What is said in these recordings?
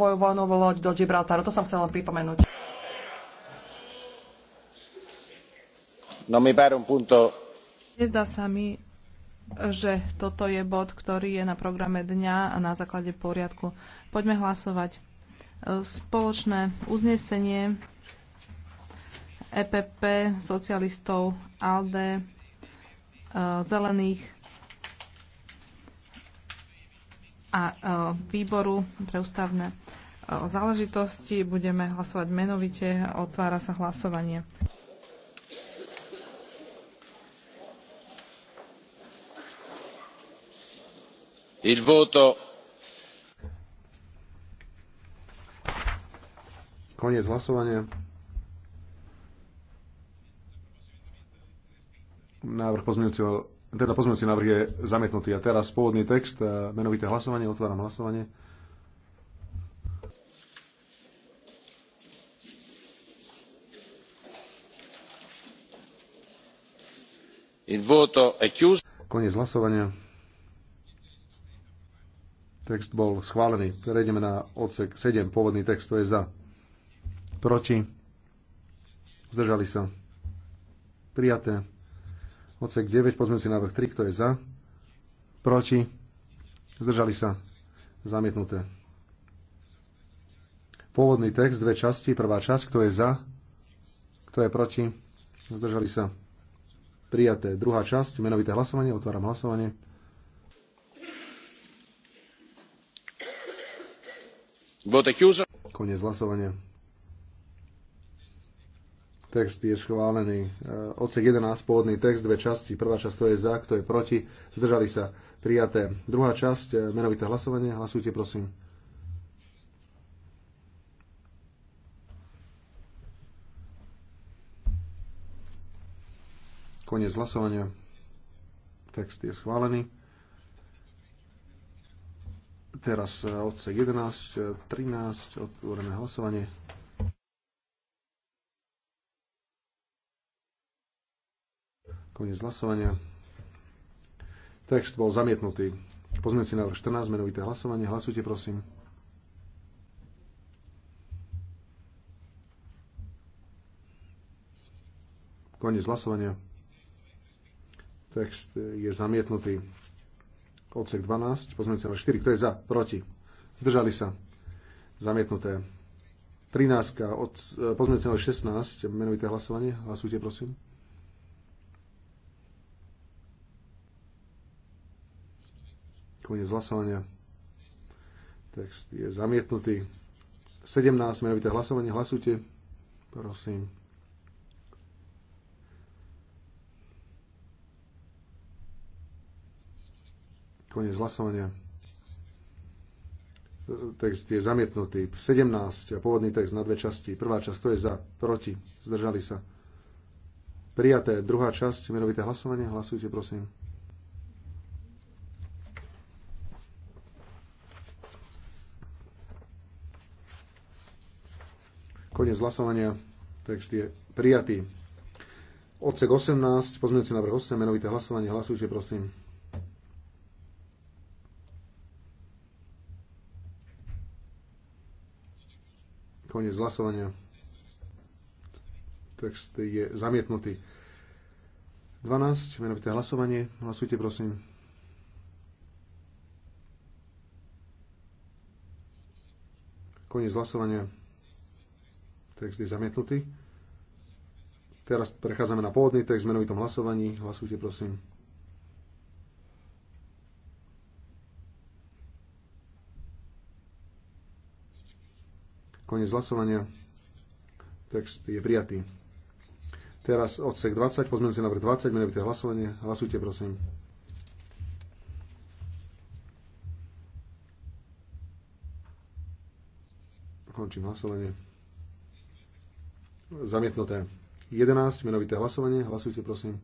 svoju vojnovú loď do Gibraltaru. To som len pripomenúť. No, Nezdá sa mi, že toto je bod, ktorý je na programe dňa a na základe poriadku. Poďme hlasovať. Spoločné uznesenie EPP, socialistov, ALDE, eh, zelených, a e, výboru pre ústavné e, záležitosti. Budeme hlasovať menovite. Otvára sa hlasovanie. Il voto. Koniec hlasovania. Návrh pozmeňujúceho teda pozmeňujúci návrh je zamietnutý. A teraz pôvodný text, e, menovité hlasovanie, otváram hlasovanie. Il voto è chiuso. Koniec hlasovania. Text bol schválený. Prejdeme na odsek 7, pôvodný text, to je za. Proti. Zdržali sa. Prijaté. Odsek 9, si návrh 3, kto je za? Proti? Zdržali sa? Zamietnuté. Pôvodný text, dve časti. Prvá časť, kto je za? Kto je proti? Zdržali sa? Prijaté. Druhá časť, menovité hlasovanie. Otváram hlasovanie. Konec hlasovania. Text je schválený. E, odsek 11, pôvodný text, dve časti. Prvá časť to je za, kto je proti, zdržali sa, prijaté. Druhá časť, e, menovité hlasovanie, hlasujte prosím. Koniec hlasovania. Text je schválený. Teraz e, odsek 11, 13, otvorené hlasovanie. Koniec hlasovania. Text bol zamietnutý. Pozmeňujúci návrh 14, menovité hlasovanie. Hlasujte, prosím. Koniec hlasovania. Text je zamietnutý. Odsek 12, pozmeňujúci návrh 4. Kto je za? Proti? Zdržali sa. Zamietnuté. 13, od, e, pozmeňujúci návrh 16, menovité hlasovanie. Hlasujte, prosím. Koniec hlasovania. Text je zamietnutý. 17. Menovité hlasovanie. Hlasujte. Prosím. Koniec hlasovania. Text je zamietnutý. 17. Pôvodný text na dve časti. Prvá časť, to je za, proti, zdržali sa. Prijaté. Druhá časť, menovité hlasovanie. Hlasujte, prosím. Konec hlasovania. Text je prijatý. Odsek 18, pozmeňujúci návrh 8, menovité hlasovanie. Hlasujte, prosím. Konec hlasovania. Text je zamietnutý. 12, menovité hlasovanie. Hlasujte, prosím. Koniec hlasovania. Text je zamietnutý. Teraz prechádzame na pôvodný text v menovitom hlasovaní. Hlasujte, prosím. Koniec hlasovania. Text je prijatý. Teraz odsek 20, pozmeňujúci návrh 20, menovité hlasovanie. Hlasujte, prosím. Končím hlasovanie. Zamietnuté. 11. Menovité hlasovanie. Hlasujte, prosím.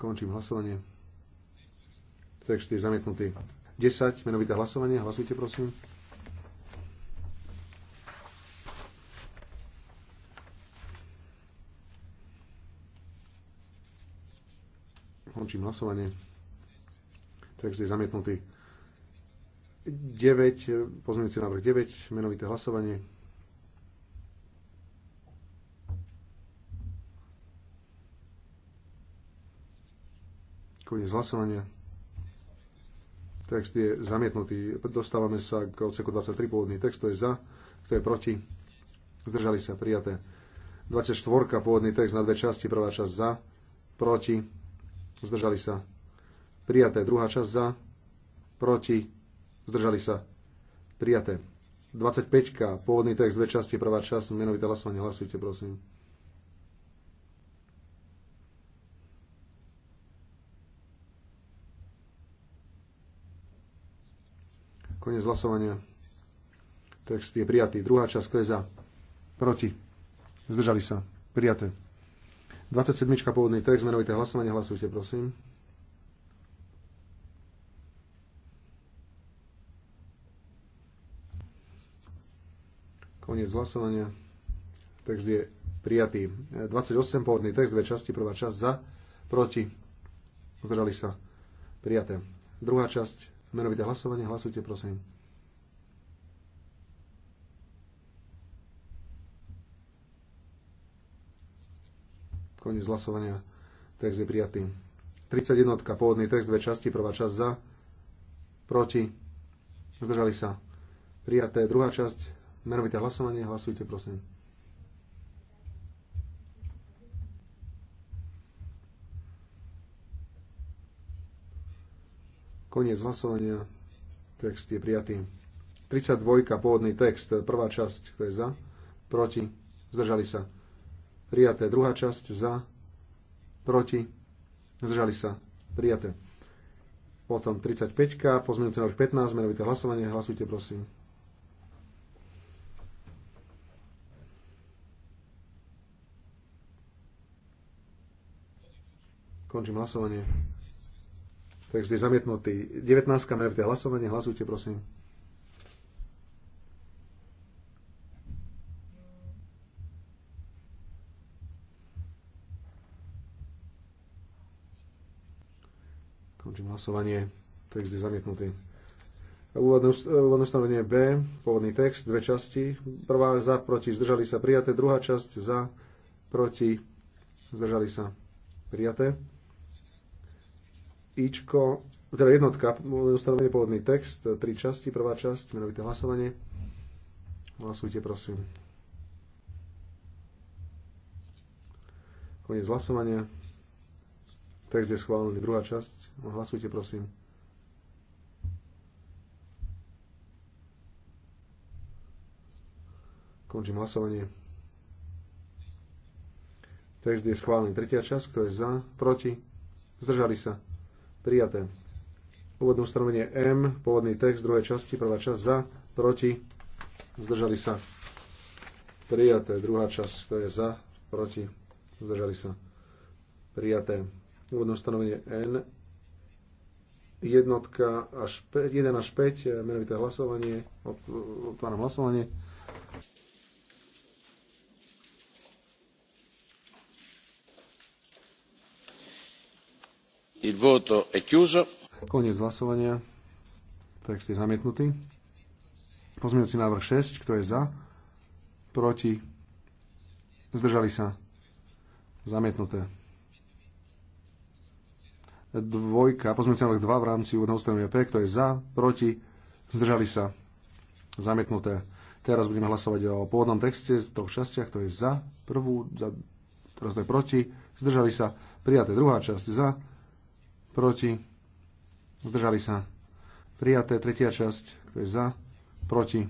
Končím hlasovanie. Text je zamietnutý. 10. Menovité hlasovanie. Hlasujte, prosím. Končím hlasovanie. Text je zamietnutý. 9, eh, pozmeňujúci návrh 9, menovité hlasovanie. Koniec hlasovania. Text je zamietnutý. Dostávame sa k odseku 23, pôvodný text, to je za, kto je proti. Zdržali sa, prijaté. 24, pôvodný text na dve časti, prvá časť za, proti. Zdržali sa, prijaté. Druhá časť za, proti Zdržali sa. Prijaté. 25. Pôvodný text, dve časti, prvá časť, menovité hlasovanie. Hlasujte, prosím. Konec hlasovania. Text je prijatý. Druhá časť, kto je za? Proti. Zdržali sa. Prijaté. 27. pôvodný text, menovité hlasovanie. Hlasujte, prosím. Koniec hlasovania. Text je prijatý. 28 pôvodný text, dve časti, prvá časť za, proti, zdržali sa, prijaté. Druhá časť, menovité hlasovanie, hlasujte prosím. Koniec hlasovania. Text je prijatý. 31. Pôvodný text, dve časti, prvá časť za, proti, zdržali sa. Prijaté. Druhá časť Menovité hlasovanie, hlasujte prosím. Koniec hlasovania. Text je prijatý. 32. Pôvodný text. Prvá časť. Kto je za? Proti. Zdržali sa. Prijaté. Druhá časť. Za. Proti. Zdržali sa. Prijaté. Potom 35. Pozmenujúce návrh 15. Menovité hlasovanie. Hlasujte prosím. Končím hlasovanie. Text je zamietnutý. 19. menovité hlasovanie. Hlasujte, prosím. Končím hlasovanie. Text je zamietnutý. Úvodné, úvodné ustanovenie B, pôvodný text, dve časti. Prvá za, proti, zdržali sa, prijaté. Druhá časť za, proti, zdržali sa, prijaté. Ičko, teda jednotka, ustanovenie pôvodný text, tri časti, prvá časť, menovité hlasovanie. Hlasujte, prosím. Koniec hlasovania. Text je schválený. Druhá časť. Hlasujte, prosím. Končím hlasovanie. Text je schválený. Tretia časť. Kto je za? Proti? Zdržali sa? Prijaté. Úvodné ustanovenie M, pôvodný text, druhej časti, prvá časť za, proti, zdržali sa. Prijaté. Druhá časť, to je za, proti, zdržali sa. Prijaté. Úvodné ustanovenie N, jednotka až 5, 1 až 5, menovité hlasovanie, otváram hlasovanie. Il voto è chiuso. Koniec hlasovania. Text je zamietnutý. Pozmeňujúci návrh 6. Kto je za? Proti? Zdržali sa? Zamietnuté. Dvojka, pozmeňujúci návrh 2 v rámci úvodného ustanovenia P. Kto je za? Proti? Zdržali sa? Zamietnuté. Teraz budeme hlasovať o pôvodnom texte z toho šťastia. kto je za prvú, za, teraz to je proti, zdržali sa, prijaté druhá časť za, proti, zdržali sa. Prijaté tretia časť, kto je za, proti,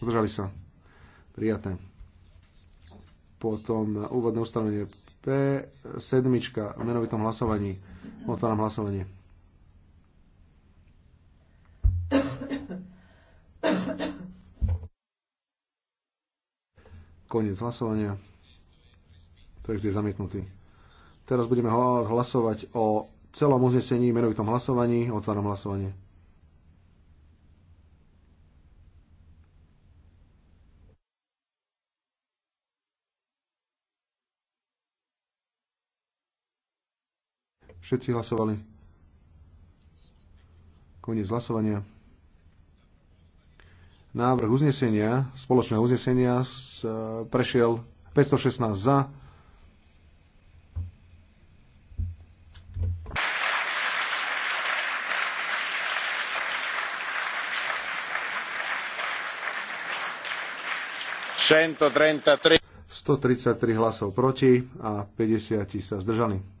zdržali sa. Prijaté. Potom úvodné ustanovenie P7 v menovitom hlasovaní. Otváram hlasovanie. Koniec hlasovania. Text je zamietnutý. Teraz budeme hlasovať o celom uznesení, menovitom hlasovaní. Otváram hlasovanie. Všetci hlasovali. Koniec hlasovania. Návrh uznesenia, spoločného uznesenia, e, prešiel 516 za, 133 hlasov proti a 50 sa zdržali.